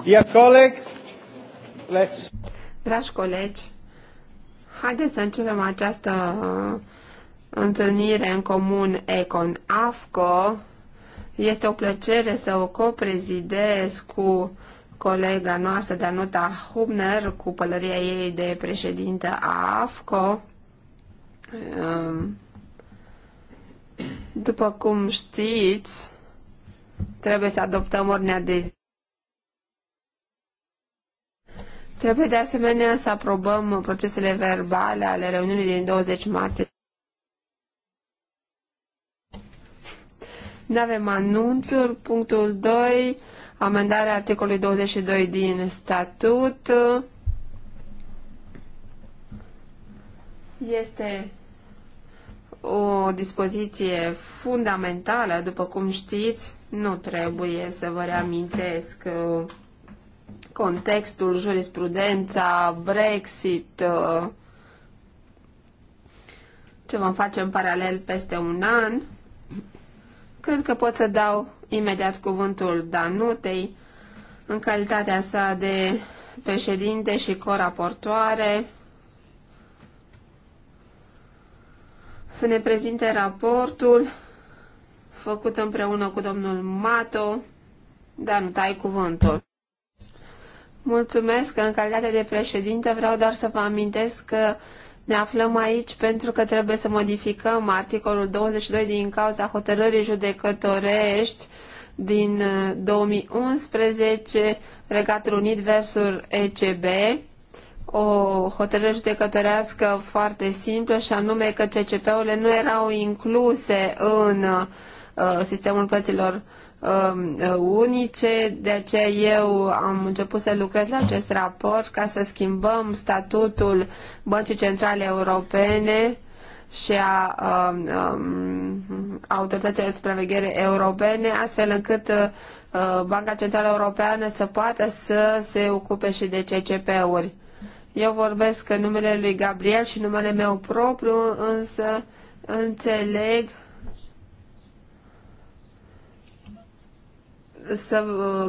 Dear colleague, let's... Dragi colegi, haideți să începem această întâlnire în comun Econ AFCO. Este o plăcere să o coprezidez cu colega noastră Danuta Hubner, cu pălăria ei de președintă a AFCO. Ehm, după cum știți, trebuie să adoptăm ordinea de zi. Trebuie de asemenea să aprobăm procesele verbale ale reuniunii din 20 martie. Nu avem anunțuri. Punctul 2. Amendarea articolului 22 din statut. Este o dispoziție fundamentală, după cum știți, nu trebuie să vă reamintesc uh, contextul, jurisprudența, Brexit, uh, ce vom face în paralel peste un an. Cred că pot să dau imediat cuvântul Danutei în calitatea sa de președinte și coraportoare să ne prezinte raportul făcut împreună cu domnul Mato. Danuta, ai cuvântul. Mulțumesc că în calitate de președinte vreau doar să vă amintesc că ne aflăm aici pentru că trebuie să modificăm articolul 22 din cauza hotărârii judecătorești din 2011, uh, Regatul Unit versus ECB, o hotărâre judecătorească foarte simplă și anume că CCP-urile nu erau incluse în uh, sistemul plăților uh, unice, de aceea eu am început să lucrez la acest raport ca să schimbăm statutul Băncii Centrale Europene și a um, um, autorităților de supraveghere europene, astfel încât uh, Banca Centrală Europeană să poată să se ocupe și de CCP-uri. Eu vorbesc în numele lui Gabriel și numele meu propriu, însă înțeleg să,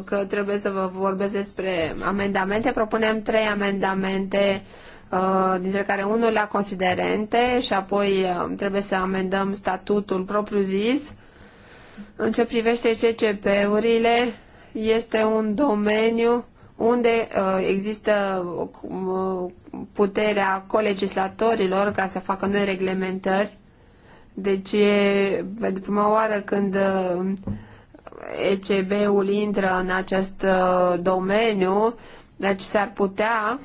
că trebuie să vă vorbesc despre amendamente. Propunem trei amendamente, uh, dintre care unul la considerente și apoi uh, trebuie să amendăm statutul propriu-zis. În ce privește CCP-urile, este un domeniu unde uh, există puterea colegislatorilor ca să facă noi reglementări. Deci, pentru prima oară când ECB-ul intră în acest uh, domeniu, deci s-ar putea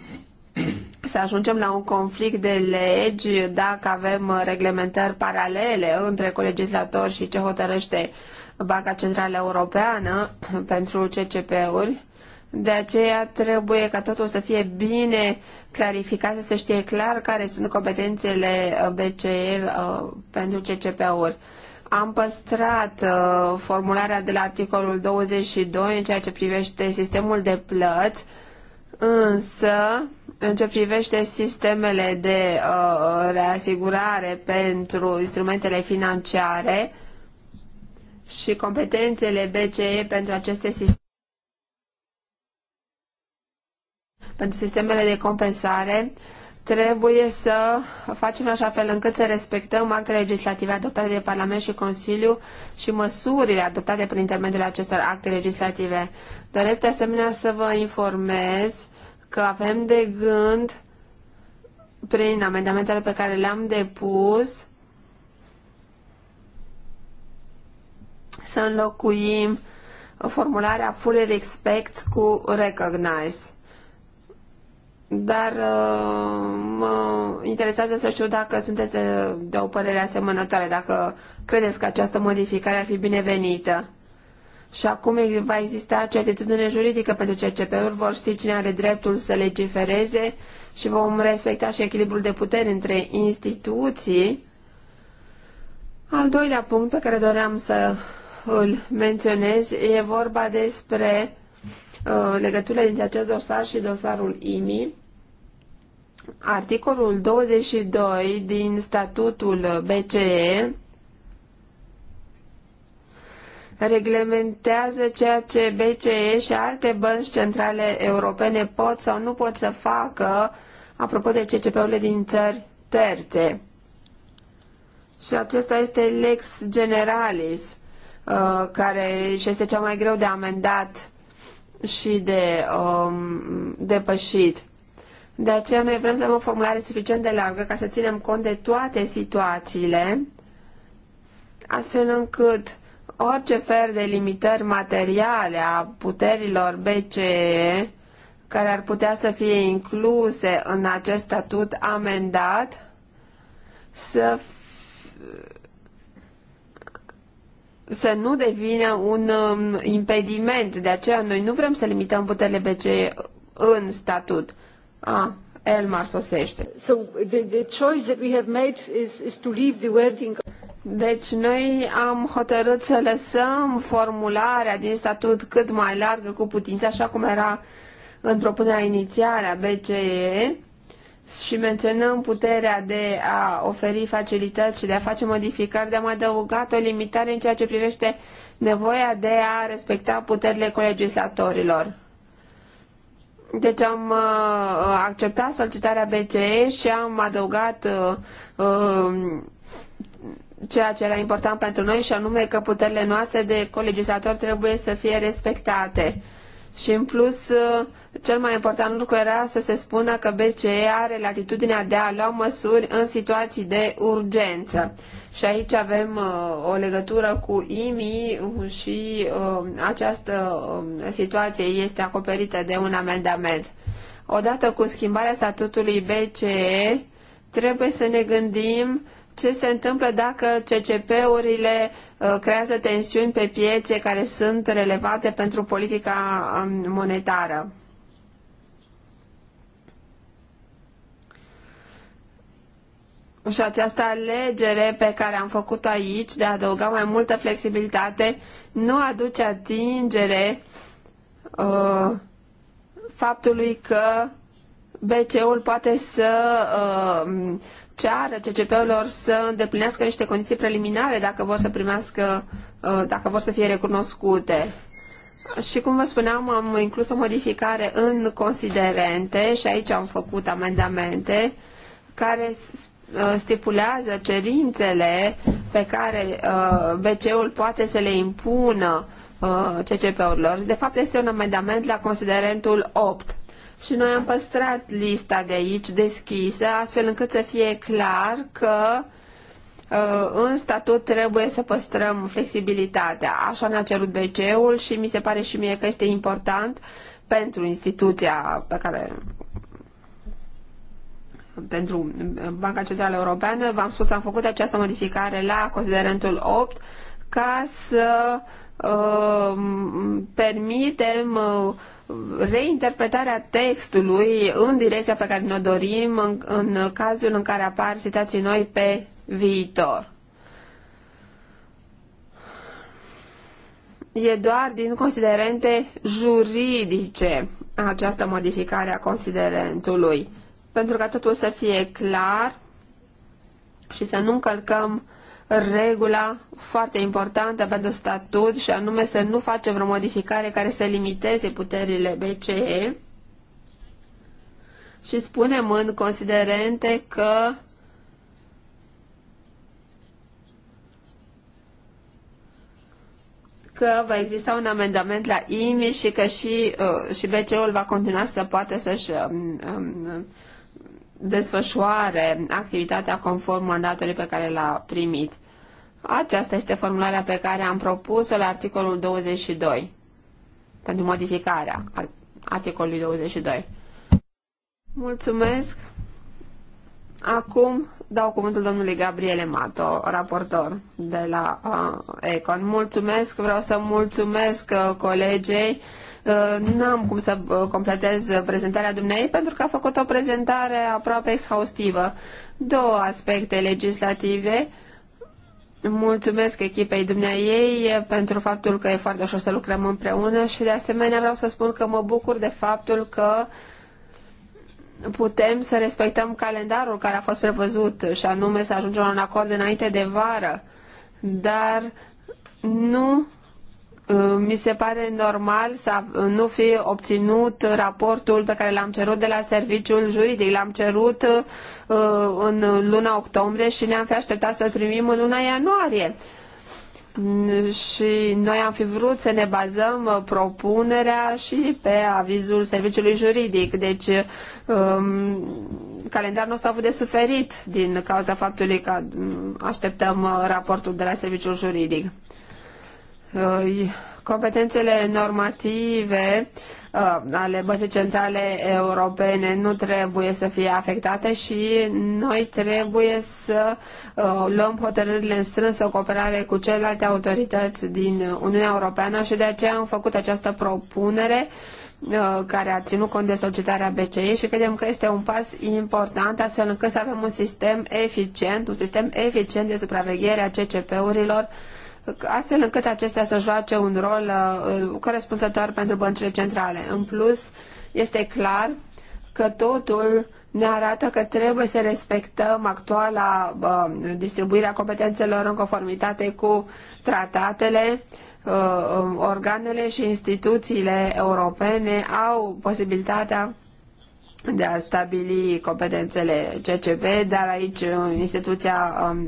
să ajungem la un conflict de legi dacă avem uh, reglementări paralele între colegislatori și ce hotărăște Banca Centrală Europeană pentru CCP-uri. De aceea trebuie ca totul să fie bine clarificat, să se știe clar care sunt competențele uh, BCE pentru CCP-uri. Am păstrat uh, formularea de la articolul 22 în ceea ce privește sistemul de plăți, însă în ce privește sistemele de uh, reasigurare pentru instrumentele financiare și competențele BCE pentru aceste sisteme, pentru sistemele de compensare, uh, trebuie să facem în așa fel încât să respectăm actele legislative adoptate de Parlament și Consiliu și măsurile adoptate prin intermediul acestor acte legislative. Doresc de asemenea să vă informez că avem de gând, prin amendamentele pe care le-am depus, să înlocuim formularea fully respect cu recognize dar uh, mă interesează să știu dacă sunteți de, de o părere asemănătoare, dacă credeți că această modificare ar fi binevenită. Și acum va exista certitudine juridică pentru CCP-uri, vor ști cine are dreptul să legifereze și vom respecta și echilibrul de puteri între instituții. Al doilea punct pe care doream să îl menționez e vorba despre Uh, legăturile dintre acest dosar și dosarul IMI. Articolul 22 din statutul BCE reglementează ceea ce BCE și alte bănci centrale europene pot sau nu pot să facă apropo de CCP-urile din țări terțe. Și acesta este lex generalis, uh, care și este cea mai greu de amendat și de um, depășit. De aceea noi vrem să avem o formulare suficient de largă ca să ținem cont de toate situațiile, astfel încât orice fel de limitări materiale a puterilor BCE care ar putea să fie incluse în acest statut amendat să să nu devină un um, impediment. De aceea noi nu vrem să limităm puterile BCE în statut. A, Elmar sosește. So the, the choice that we have made is, is to leave the wording deci noi am hotărât să lăsăm formularea din statut cât mai largă cu putință, așa cum era în propunerea inițială a BCE, și menționăm puterea de a oferi facilități și de a face modificări, de am adăugat o limitare în ceea ce privește nevoia de a respecta puterile colegislatorilor. Deci am uh, acceptat solicitarea BCE și am adăugat uh, uh, ceea ce era important pentru noi și anume că puterile noastre de colegislator trebuie să fie respectate. Uh, și în plus, uh, cel mai important lucru era să se spună că BCE are latitudinea de a lua măsuri în situații de urgență. Și aici avem uh, o legătură cu IMI și uh, această situație este acoperită de un amendament. Odată cu schimbarea statutului BCE, trebuie să ne gândim ce se întâmplă dacă CCP-urile uh, creează tensiuni pe piețe care sunt relevate pentru politica um, monetară. Și această alegere pe care am făcut-o aici de a adăuga mai multă flexibilitate nu aduce atingere uh, faptului că BCE-ul poate să uh, ceară CCP-urilor să îndeplinească niște condiții preliminare dacă vor să primească, uh, dacă vor să fie recunoscute. Și cum vă spuneam, am inclus o modificare în considerente și aici am făcut amendamente care uh, stipulează cerințele pe care uh, bc ul poate să le impună CCP-urilor. De fapt, este un amendament la considerentul 8 și noi am păstrat lista de aici deschisă, astfel încât să fie clar că uh, în statut trebuie să păstrăm flexibilitatea. Așa ne-a cerut BCE-ul și mi se pare și mie că este important pentru instituția pe care pentru Banca Centrală Europeană, v-am spus, am făcut această modificare la considerentul 8 ca să uh, permitem uh, reinterpretarea textului în direcția pe care ne-o dorim în, în cazul în care apar situații noi pe viitor. E doar din considerente juridice această modificare a considerentului, pentru ca totul să fie clar și să nu încălcăm regula foarte importantă pentru statut și anume să nu facem vreo modificare care să limiteze puterile BCE și spunem în considerente că că va exista un amendament la IMI și că și, uh, și BCE-ul va continua să poată să-și um, um, desfășoare activitatea conform mandatului pe care l-a primit. Aceasta este formularea pe care am propus-o la articolul 22, pentru modificarea articolului 22. Mulțumesc! Acum dau cuvântul domnului Gabriele Mato, raportor de la uh, Econ. Mulțumesc, vreau să mulțumesc uh, colegei Uh, n-am cum să uh, completez prezentarea dumnei pentru că a făcut o prezentare aproape exhaustivă. Două aspecte legislative. Mulțumesc echipei dumneai pentru faptul că e foarte ușor să lucrăm împreună și de asemenea vreau să spun că mă bucur de faptul că putem să respectăm calendarul care a fost prevăzut și anume să ajungem la un acord înainte de vară, dar nu Uh, mi se pare normal să uh, nu fi obținut raportul pe care l-am cerut de la serviciul juridic. L-am cerut uh, în luna octombrie și ne-am fi așteptat să-l primim în luna ianuarie. Și noi am fi vrut să ne bazăm propunerea și pe avizul serviciului juridic. Deci um, calendarul nostru a avut de suferit din cauza faptului că așteptăm raportul de la serviciul juridic. Uh, competențele normative uh, ale Băncii Centrale Europene nu trebuie să fie afectate și noi trebuie să uh, luăm hotărârile în strânsă cooperare cu celelalte autorități din Uniunea Europeană și de aceea am făcut această propunere care a ținut cont de solicitarea BCE și credem că este un pas important astfel încât să avem un sistem eficient, un sistem eficient de supraveghere a CCP-urilor uh, astfel încât acestea să joace un rol uh, uh, corespunzător pentru băncile centrale. În plus, este clar că totul ne arată că trebuie să respectăm actuala uh, distribuirea competențelor în conformitate cu tratatele, uh, uh, organele și instituțiile europene au posibilitatea de a stabili competențele CCP, dar aici uh, instituția um,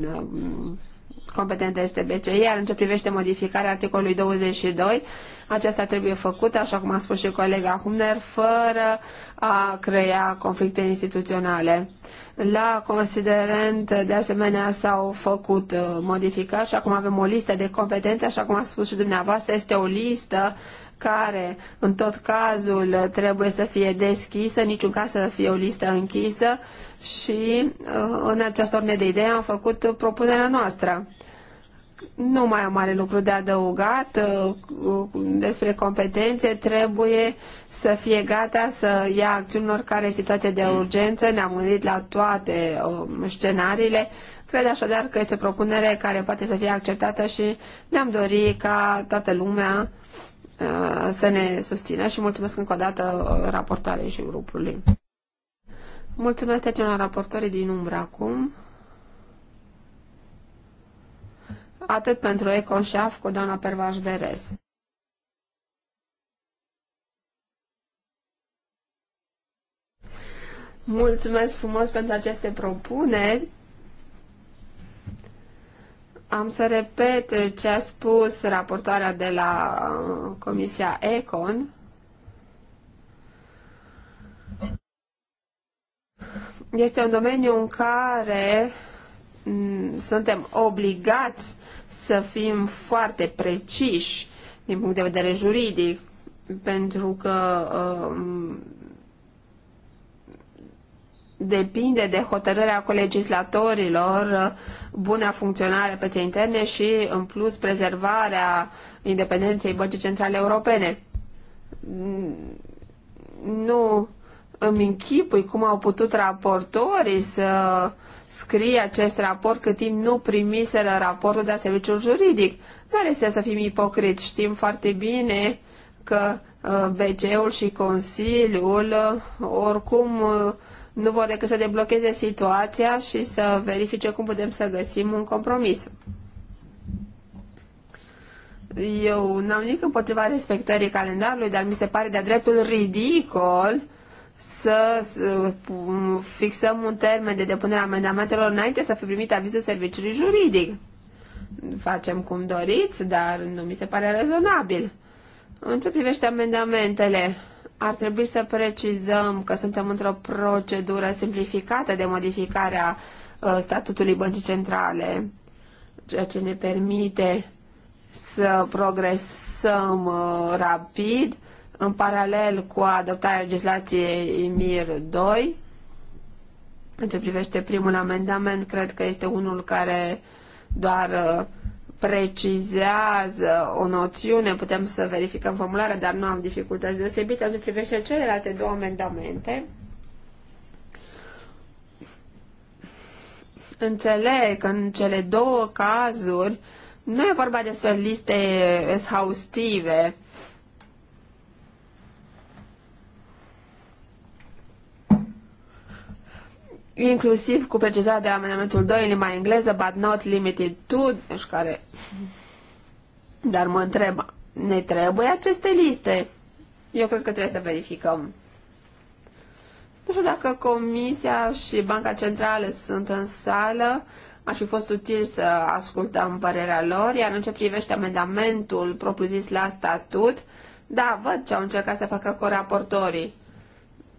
competentă este BCE, iar în ce privește modificarea articolului 22, aceasta trebuie făcută, așa cum a spus și colega Humner, fără a crea conflicte instituționale. La considerent, de asemenea, s-au făcut uh, modificări și acum avem o listă de competențe, așa cum a spus și dumneavoastră, este o listă care, în tot cazul, trebuie să fie deschisă, niciun caz să fie o listă închisă și uh, în această ordine de idei am făcut propunerea noastră nu mai am mare lucru de adăugat uh, despre competențe, trebuie să fie gata să ia acțiunilor care e situație de urgență, ne-am gândit la toate um, scenariile, cred așadar că este propunere care poate să fie acceptată și ne-am dorit ca toată lumea uh, să ne susțină și mulțumesc încă o dată uh, raportoarei și grupului. Mulțumesc, la raportorii din umbră acum. atât pentru Econ și cu doamna Pervaș Berez. Mulțumesc frumos pentru aceste propuneri. Am să repet ce a spus raportoarea de la Comisia Econ. Este un domeniu în care Mm, suntem obligați să fim foarte preciși din punct de vedere juridic, pentru că um, depinde de hotărârea colegislatorilor uh, buna funcționare pieței interne și, în plus, prezervarea independenței Băncii Centrale Europene. Mm, nu îmi închipui cum au putut raportorii să uh, scrie acest raport cât timp nu primiseră raportul de la serviciul juridic. Dar este să fim ipocriți. Știm foarte bine că uh, bc ul și Consiliul uh, oricum uh, nu vor decât să deblocheze situația și să verifice cum putem să găsim un compromis. Eu n-am nimic împotriva respectării calendarului, dar mi se pare de-a dreptul ridicol uh, să fixăm un termen de depunere a amendamentelor înainte să fi primit avizul serviciului juridic. Facem cum doriți, dar nu mi se pare rezonabil. În ce privește amendamentele, ar trebui să precizăm că suntem într-o procedură simplificată de modificare a ă, statutului Băncii Centrale, ceea ce ne permite să progresăm ă, rapid în paralel cu adoptarea legislației MIR 2. În ce privește primul amendament, cred că este unul care doar uh, precizează o noțiune, putem să verificăm formularea, dar nu am dificultăți deosebite în ce privește celelalte două amendamente. Înțeleg că în cele două cazuri nu e vorba despre liste exhaustive, inclusiv cu precizarea de amendamentul 2 în limba engleză, but not limited to, deci care... Dar mă întreb, ne trebuie aceste liste? Eu cred că trebuie să verificăm. Nu știu dacă Comisia și Banca Centrală sunt în sală, ar fi fost util să ascultăm părerea lor, iar în ce privește amendamentul propriu-zis la statut, da, văd ce au încercat să facă raportorii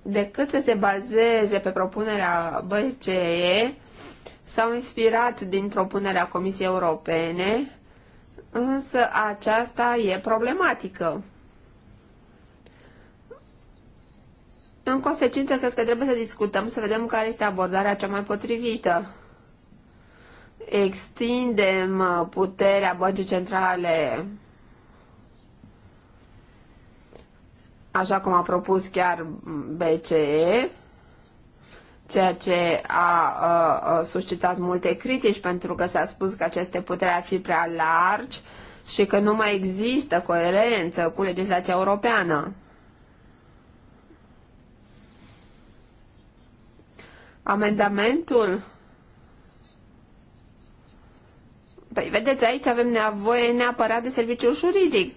decât să se bazeze pe propunerea BCE, s-au inspirat din propunerea Comisiei Europene, însă aceasta e problematică. În consecință, cred că trebuie să discutăm, să vedem care este abordarea cea mai potrivită. Extindem puterea băncii centrale așa cum a propus chiar BCE, ceea ce a, a, a suscitat multe critici pentru că s-a spus că aceste puteri ar fi prea largi și că nu mai există coerență cu legislația europeană. Amendamentul Păi vedeți, aici avem nevoie neapărat de serviciu juridic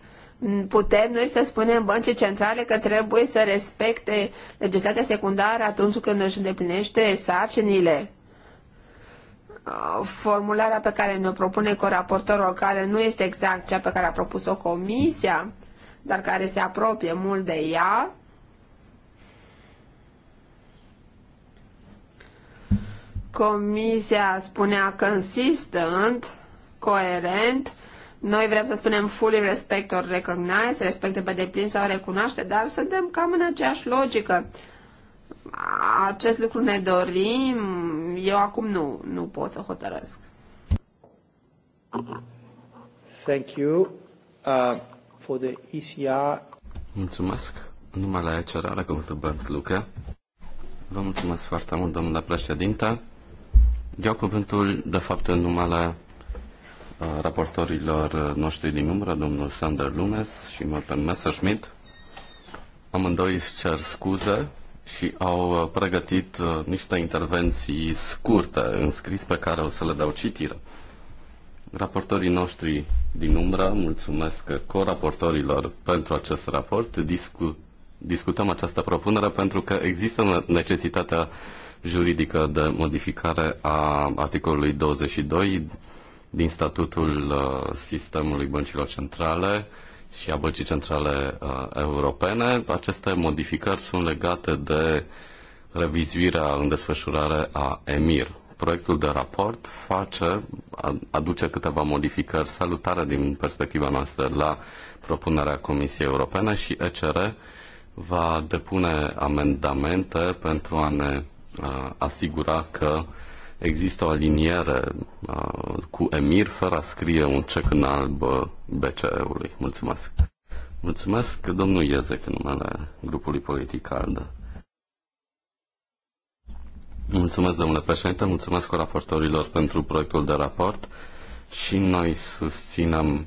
putem noi să spunem băncii centrale că trebuie să respecte legislația secundară atunci când își îndeplinește sarcinile? Uh, formularea pe care ne-o propune coraportorul, care nu este exact cea pe care a propus-o comisia, dar care se apropie mult de ea, Comisia spunea consistent, coerent, noi vrem să spunem fully respect or recognize, respecte pe deplin sau recunoaște, dar suntem cam în aceeași logică. Acest lucru ne dorim, eu acum nu, nu pot să hotărăsc. Thank you uh, for the ECR. Mulțumesc. Numai la ECR are cuvântul Bernd Luca. Vă mulțumesc foarte mult, domnule președinte. Eu cuvântul, de fapt, numai la raportorilor noștri din umbră, domnul Sander Lunes și Morten Messerschmidt. Amândoi își cer scuze și au uh, pregătit uh, niște intervenții scurte în scris pe care o să le dau citire. Raportorii noștri din umbră mulțumesc coraportorilor pentru acest raport. Discu- discutăm această propunere pentru că există necesitatea juridică de modificare a articolului 22 din statutul uh, sistemului băncilor centrale și a băncii centrale uh, europene. Aceste modificări sunt legate de revizuirea în desfășurare a EMIR. Proiectul de raport face, aduce câteva modificări salutare din perspectiva noastră la propunerea Comisiei Europene și ECR va depune amendamente pentru a ne uh, asigura că uh, există o aliniere uh, cu Emir fără a scrie un cec în alb uh, BCE-ului. Mulțumesc. Mulțumesc, domnul Iezec, în numele grupului politic ALDE. Mulțumesc, domnule președinte, mulțumesc raportorilor pentru proiectul de raport și noi susținem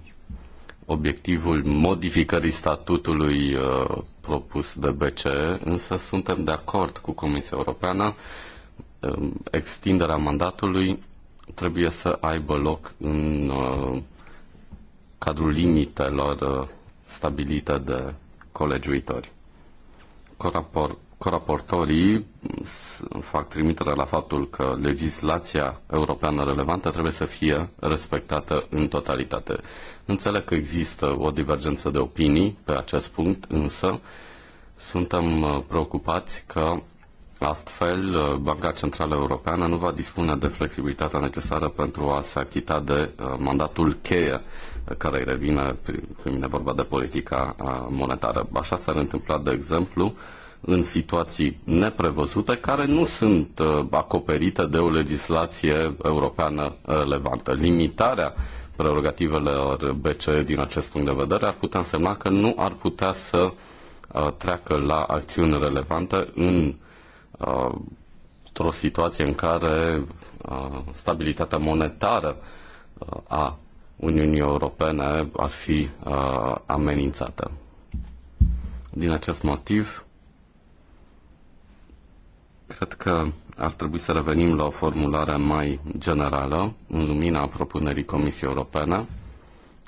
obiectivul modificării statutului uh, propus de BCE, însă suntem de acord cu Comisia Europeană extinderea mandatului trebuie să aibă loc în uh, cadrul limitelor uh, stabilite de colegiuitori. Corapor, coraportorii fac trimitere la faptul că legislația europeană relevantă trebuie să fie respectată în totalitate. Înțeleg că există o divergență de opinii pe acest punct, însă suntem uh, preocupați că Astfel, uh, Banca Centrală Europeană nu va dispune de flexibilitatea necesară pentru a se achita de uh, mandatul cheie uh, care îi revine când vine vorba de politica monetară. Așa s-ar întâmpla, de exemplu, în situații neprevăzute care nu sunt acoperite de o legislație europeană relevantă. Limitarea prerogativelor BCE din acest punct de vedere ar putea însemna că nu ar putea să treacă la acțiuni relevante în uh, într-o situație în care uh, stabilitatea monetară uh, a Uniunii Europene ar fi uh, amenințată. Din acest motiv, cred că ar trebui să revenim la o formulare mai generală în lumina propunerii Comisiei Europene,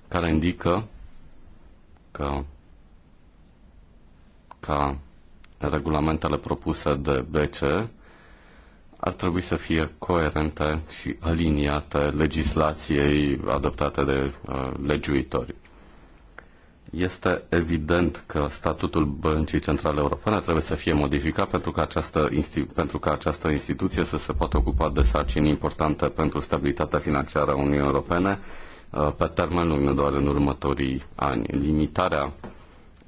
care indică că ca regulamentele propuse de BCE ar trebui să fie coerente și aliniate legislației adoptate de uh, legiuitori. Este evident că statutul Băncii Centrale Europene trebuie să fie modificat pentru ca această, pentru ca această instituție să se poată ocupa de sarcini importante pentru stabilitatea financiară a Uniunii Europene uh, pe termen lung, nu doar în următorii ani. Limitarea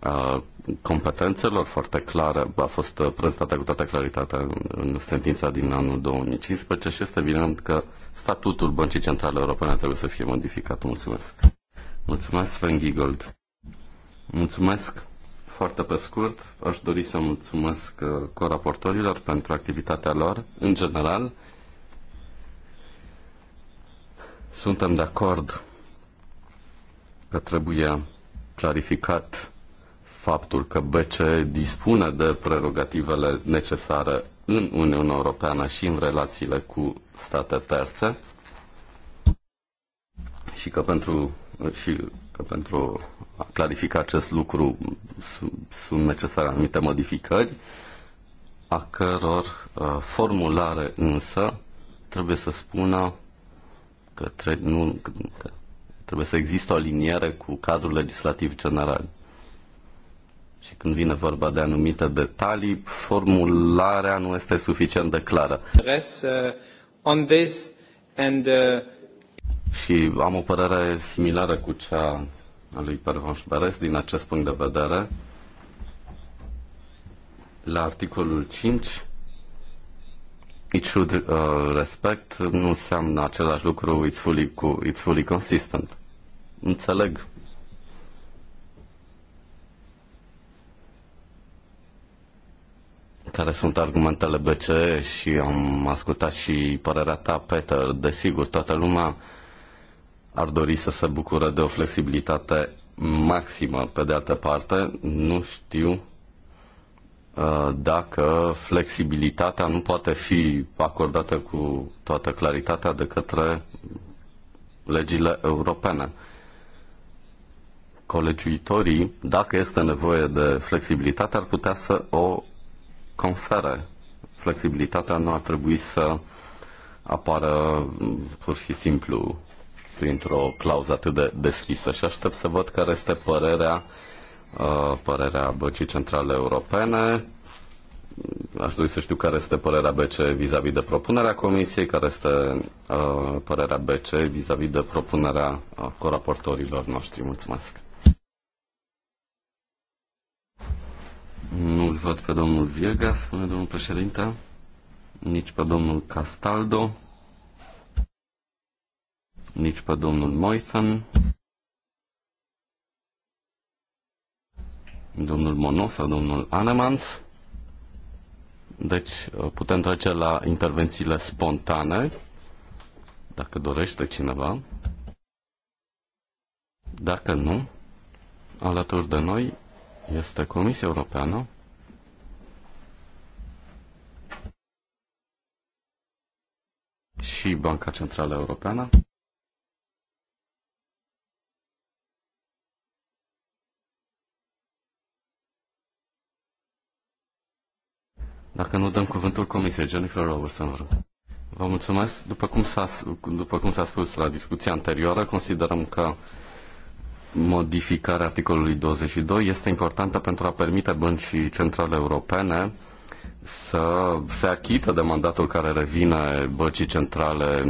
uh, competențelor foarte clară, a fost uh, prezentată cu toată claritatea în sentința din anul 2015 și este evident că statutul Băncii Centrale Europene trebuie să fie modificat. Mulțumesc! Mulțumesc, Sven Giegold! Mulțumesc! Foarte pe scurt, aș dori să mulțumesc uh, coraportorilor pentru activitatea lor, în general. Suntem de acord că trebuie clarificat faptul că BCE dispune de prerogativele necesare în Uniunea Europeană și în relațiile cu state terțe și că pentru, și că pentru a clarifica acest lucru sunt necesare anumite modificări, a căror uh, formulare însă trebuie să spună că, trebuie, nu, că trebuie să există o aliniere cu cadrul legislativ general și când vine vorba de anumite detalii, formularea nu este suficient de clară. Uh, on this and, uh... Și am o părere similară cu cea a lui Pervanș Beres din acest punct de vedere. La articolul 5, it should uh, respect nu înseamnă același lucru, it's fully, it's fully consistent. Înțeleg care sunt argumentele BCE și am ascultat și părerea ta, Peter. Desigur, toată lumea ar dori să se bucură de o flexibilitate maximă. Pe de altă parte, nu știu uh, dacă flexibilitatea nu poate fi acordată cu toată claritatea de către legile europene. Colegiuitorii, dacă este nevoie de flexibilitate, ar putea să o confere flexibilitatea, nu ar trebui să apară pur și simplu printr-o clauză atât de deschisă și aștept să văd care este părerea, uh, părerea Băcii Centrale Europene. Aș dori să știu care este părerea BC vis-a-vis -vis de propunerea Comisiei, care este uh, părerea BC vis-a-vis -vis de propunerea uh, coraportorilor noștri. Mulțumesc! Nu-l văd pe domnul Viega, spune domnul președinte, nici pe domnul Castaldo, nici pe domnul Moithan, domnul Monos sau domnul Anemans. Deci uh, putem trece la intervențiile spontane, dacă dorește cineva. Dacă nu, alături de noi este Comisia Europeană. și Banca Centrală Europeană. Dacă nu dăm cuvântul comisiei, Jennifer Robertson, vă rog. Vă mulțumesc. După cum s-a, după cum s-a spus la discuția anterioară, considerăm că modificarea articolului 22 este importantă pentru a permite băncii centrale europene să se achită de mandatul care revine băncii centrale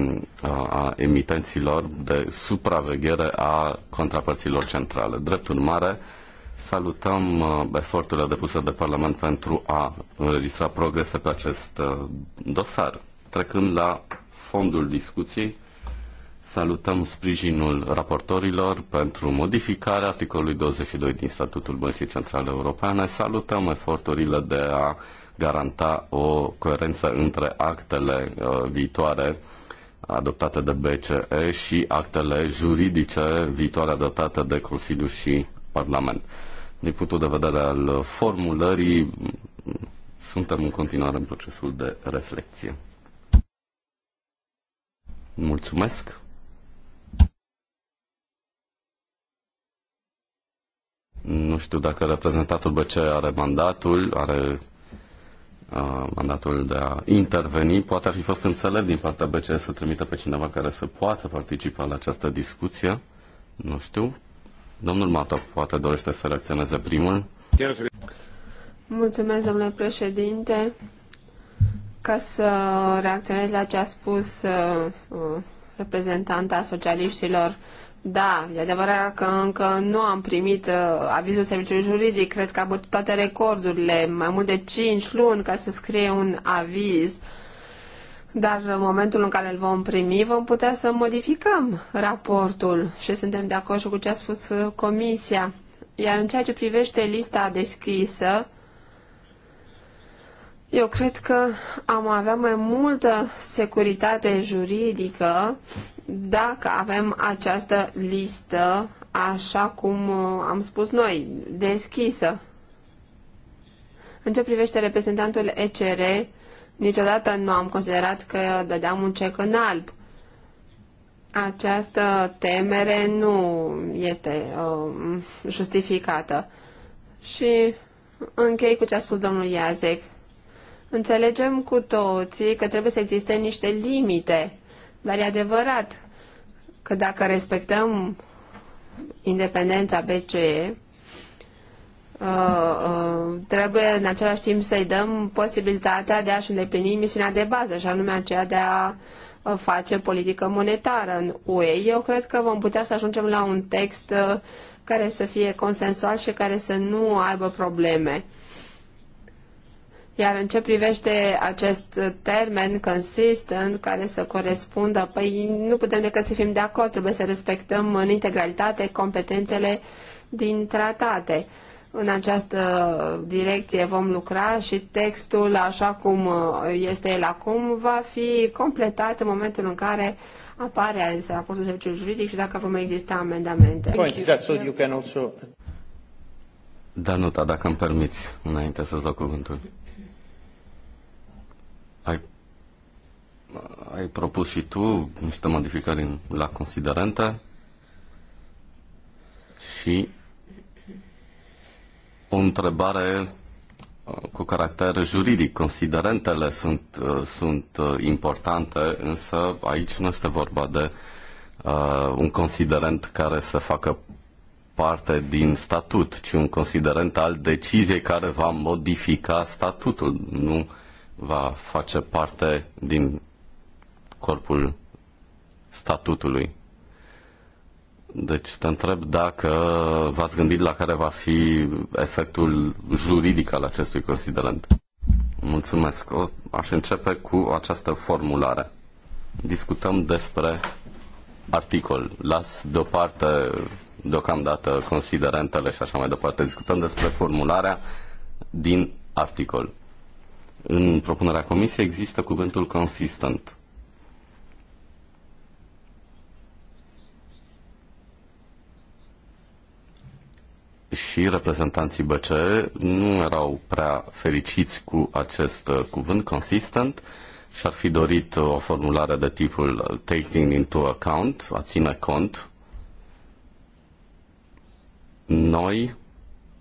uh, a emitenților de supraveghere a contrapărților centrale. Drept urmare, salutăm uh, eforturile depuse de Parlament pentru a înregistra progrese pe acest uh, dosar. Trecând la fondul discuției, Salutăm sprijinul raportorilor pentru modificarea articolului 22 din Statutul Băncii Centrale Europene. Salutăm eforturile de a garanta o coerență între actele uh, viitoare adoptate de BCE și actele juridice viitoare adoptate de Consiliu și Parlament. Din punctul de vedere al formulării, suntem în continuare în procesul de reflexie. Mulțumesc! Nu știu dacă reprezentantul BC are mandatul, are uh, mandatul de a interveni. Poate ar fi fost înțelept din partea BC să trimită pe cineva care să poată participa la această discuție. Nu știu. Domnul Mato poate dorește să reacționeze primul. Mulțumesc, domnule președinte. Ca să reacționez la ce a spus uh, uh reprezentanta socialiștilor, uh, da, e adevărat că încă nu am primit uh, avizul serviciului juridic, cred că a bătut toate recordurile, mai mult de 5 luni ca să scrie un aviz, dar în momentul în care îl vom primi vom putea să modificăm raportul și suntem de acord și cu ce a spus uh, comisia. Iar în ceea ce privește lista deschisă, eu cred că am avea mai multă securitate juridică dacă avem această listă, așa cum uh, am spus noi, deschisă. În ce privește reprezentantul ECR, niciodată nu am considerat că dădeam un cec în alb. Această temere nu este uh, justificată. Și închei cu ce a spus domnul Iazec. Înțelegem cu toții că trebuie să existe niște limite dar e adevărat că dacă respectăm independența BCE, uh, uh, trebuie în același timp să-i dăm posibilitatea de a-și îndeplini misiunea de bază, și anume aceea de a uh, face politică monetară în UE. Eu cred că vom putea să ajungem la un text care să fie consensual și care să nu aibă probleme. Iar în ce privește acest termen consistent care să corespundă, păi nu putem decât să fim de acord, trebuie să respectăm în integralitate competențele din tratate. În această direcție vom lucra și textul, așa cum uh, este el acum, va fi completat în momentul în care apare în raportul serviciului juridic și dacă vom exista amendamente. Da, nota, dacă îmi permiți, înainte să-ți dau cuvântul. ai propus și tu niște modificări la considerente și o întrebare uh, cu caracter juridic. Considerentele sunt, uh, sunt uh, importante, însă aici nu este vorba de uh, un considerent care să facă parte din statut, ci un considerent al deciziei care va modifica statutul, nu va face parte din corpul statutului. Deci te întreb dacă v-ați gândit la care va fi efectul juridic al acestui considerent. Mulțumesc. O, aș începe cu această formulare. Discutăm despre articol. Las deoparte deocamdată considerentele și așa mai departe. Discutăm despre formularea din articol. În propunerea comisiei există cuvântul consistent. și reprezentanții BCE nu erau prea fericiți cu acest uh, cuvânt consistent și ar fi dorit uh, o formulare de tipul uh, taking into account, a ține cont. Noi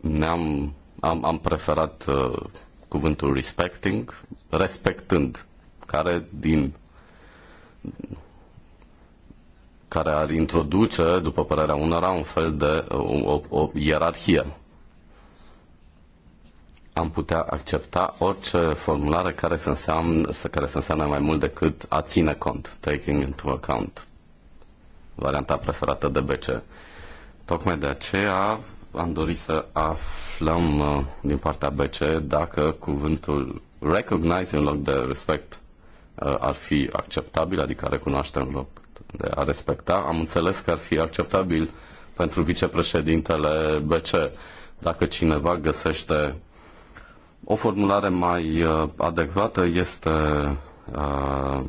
ne-am am, am preferat uh, cuvântul respecting, respectând, care din care ar introduce, după părerea unora, un fel de o, o, o ierarhie. Am putea accepta orice formulare care să, înseamnă, care să înseamnă mai mult decât a ține cont, taking into account, varianta preferată de BC. Tocmai de aceea am dorit să aflăm uh, din partea BC dacă cuvântul recognize în loc de respect uh, ar fi acceptabil, adică recunoaște în loc de a respecta. Am înțeles că ar fi acceptabil pentru vicepreședintele BC dacă cineva găsește o formulare mai uh, adecvată este uh,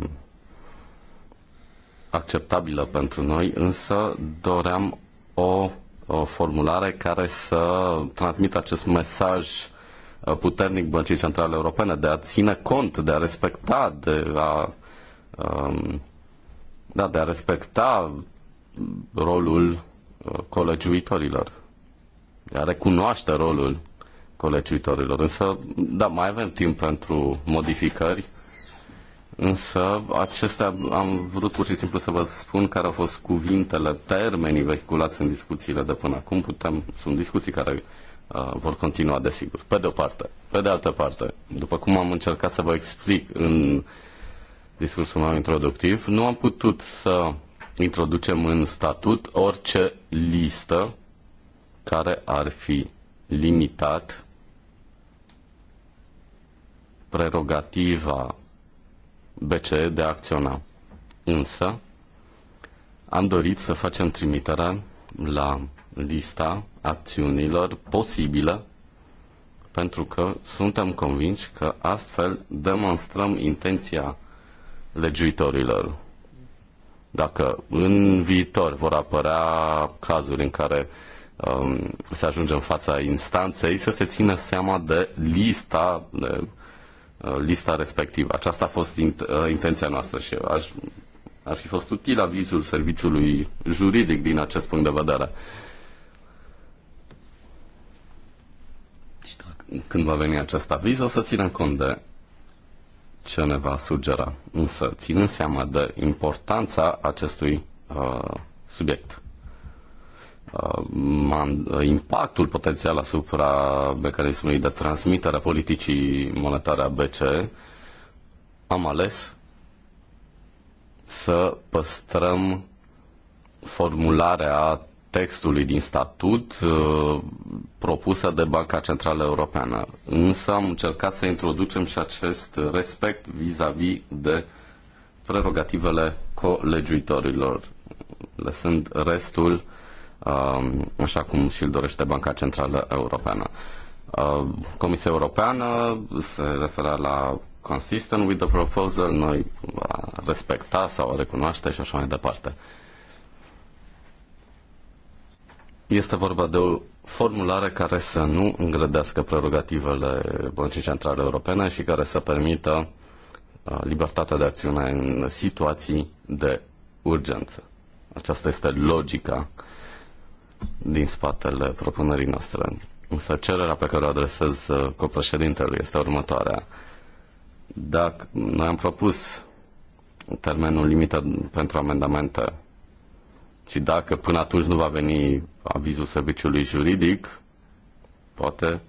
acceptabilă pentru noi, însă doream o, o formulare care să transmită acest mesaj uh, puternic Băncii Centrale Europene de a ține cont, de a respecta, de a uh, da, de a respecta rolul uh, colegiuitorilor, de a recunoaște rolul colegiuitorilor. Însă, da, mai avem timp pentru modificări, însă acestea am vrut pur și simplu să vă spun care au fost cuvintele, termenii vehiculați în discuțiile de până acum. Putem, sunt discuții care uh, vor continua, desigur, pe de o parte. Pe de altă parte, după cum am încercat să vă explic în uh, discursul meu introductiv, nu am putut să introducem în statut orice listă care ar fi limitat prerogativa BCE de a acționa. Însă, am dorit să facem trimiterea la lista acțiunilor posibile pentru că suntem convinși că astfel demonstrăm intenția legiuitorilor. Dacă în viitor vor apărea cazuri în care um, se ajunge în fața instanței, să se țină seama de lista, de, uh, lista respectivă. Aceasta a fost int- uh, intenția noastră și aș, ar fi fost util avizul serviciului juridic din acest punct de vedere. când va veni acest aviz, o să ținem cont de ce ne va sugera. Însă, ținând seama de importanța acestui uh, subiect, uh, uh impactul potențial asupra mecanismului de transmitere a politicii monetare a BCE, am ales să păstrăm formularea textului din statut uh, propusă de Banca Centrală Europeană. Însă am încercat să introducem și acest respect vis-a-vis -vis de prerogativele colegiuitorilor, lăsând restul um, așa cum și-l dorește Banca Centrală Europeană. Uh, Comisia Europeană se referă la consistent with the proposal, noi respecta sau recunoaște și așa mai departe. Este vorba de o formulare care să nu îngrădească prerogativele Băncii Centrale Europene și care să permită uh, libertatea de acțiune în situații de urgență. Aceasta este logica din spatele propunerii noastre. Însă cererea pe care o adresez uh, copreședintelui este următoarea. Dacă noi am propus termenul limită pentru amendamente și dacă până atunci nu va veni avizul serviciului juridic, poate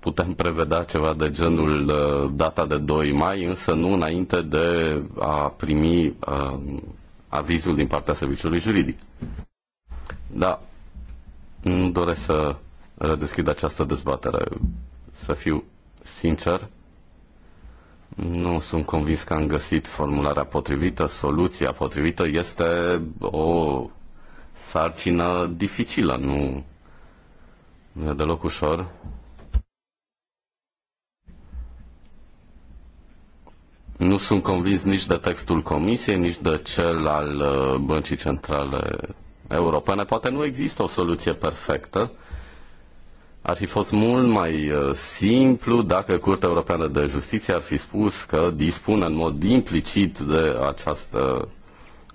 putem prevedea ceva de genul uh, data de 2 mai, însă nu înainte de a primi uh, avizul din partea serviciului juridic. Da, nu doresc să uh, deschid această dezbatere. Să fiu sincer, nu sunt convins că am găsit formularea potrivită, soluția potrivită. Este o sarcină dificilă, nu, nu e deloc ușor. Nu sunt convins nici de textul Comisiei, nici de cel al uh, Băncii Centrale Europene. Poate nu există o soluție perfectă ar fi fost mult mai uh, simplu dacă Curtea Europeană de Justiție ar fi spus că dispune în mod implicit de această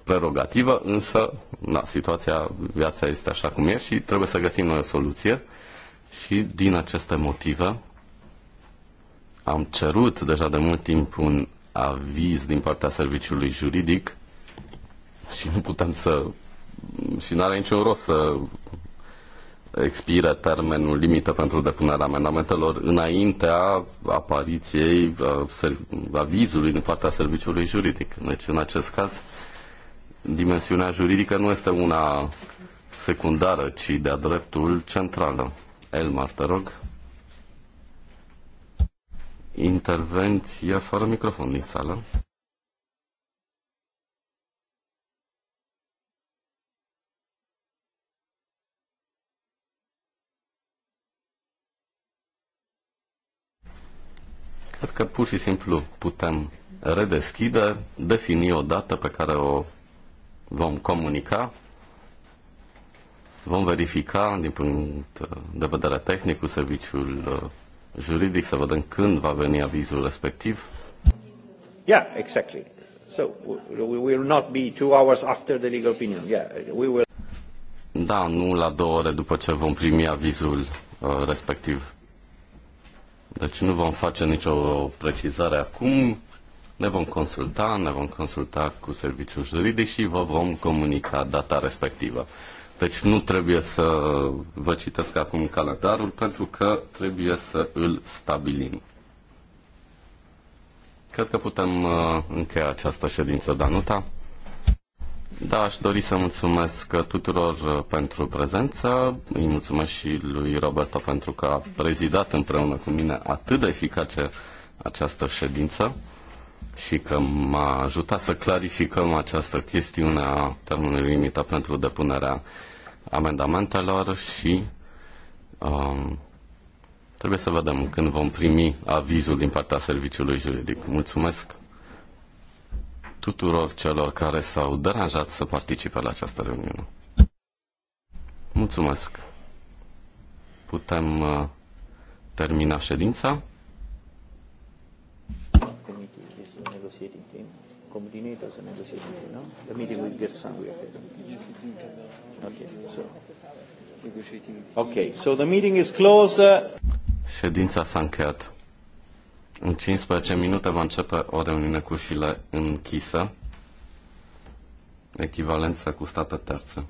prerogativă, însă na, situația, viața este așa cum e și trebuie să găsim noi o soluție și din aceste motive am cerut deja de mult timp un aviz din partea serviciului juridic și nu putem să și nu are niciun rost să expire termenul limită pentru depunerea amendamentelor înaintea apariției uh, avizului din partea serviciului juridic. Deci, în acest caz, dimensiunea juridică nu este una secundară, ci de-a dreptul centrală. Elmar, te rog. Intervenție fără microfon din sală. că pur și simplu putem redeschide, defini o dată pe care o vom comunica, vom verifica din punct de vedere tehnic cu serviciul uh, juridic să vedem când va veni avizul respectiv. Yeah, exactly. So we will not be two hours after the legal opinion. Yeah, we will. Da, nu la două ore după ce vom primi avizul uh, respectiv. Deci nu vom face nicio precizare acum. Ne vom consulta, ne vom consulta cu serviciul juridic și vă vom comunica data respectivă. Deci nu trebuie să vă citesc acum calendarul pentru că trebuie să îl stabilim. Cred că putem uh, încheia această ședință, Danuta. Da, aș dori să mulțumesc tuturor uh, pentru prezență. Îi mulțumesc și lui Roberto pentru că a prezidat împreună cu mine atât de eficace această ședință și că m-a ajutat să clarificăm această chestiune a termenului limită pentru depunerea amendamentelor și um, trebuie să vedem când vom primi avizul din partea serviciului juridic. Mulțumesc tuturor celor care s-au deranjat să participe la această reuniune. Mulțumesc. Putem uh, termina ședința. Okay, so Okay, so the meeting is closed. Ședința s-a încheiat. În 15 minute va începe o reuniune cu ușile închisă, echivalență cu state terțe.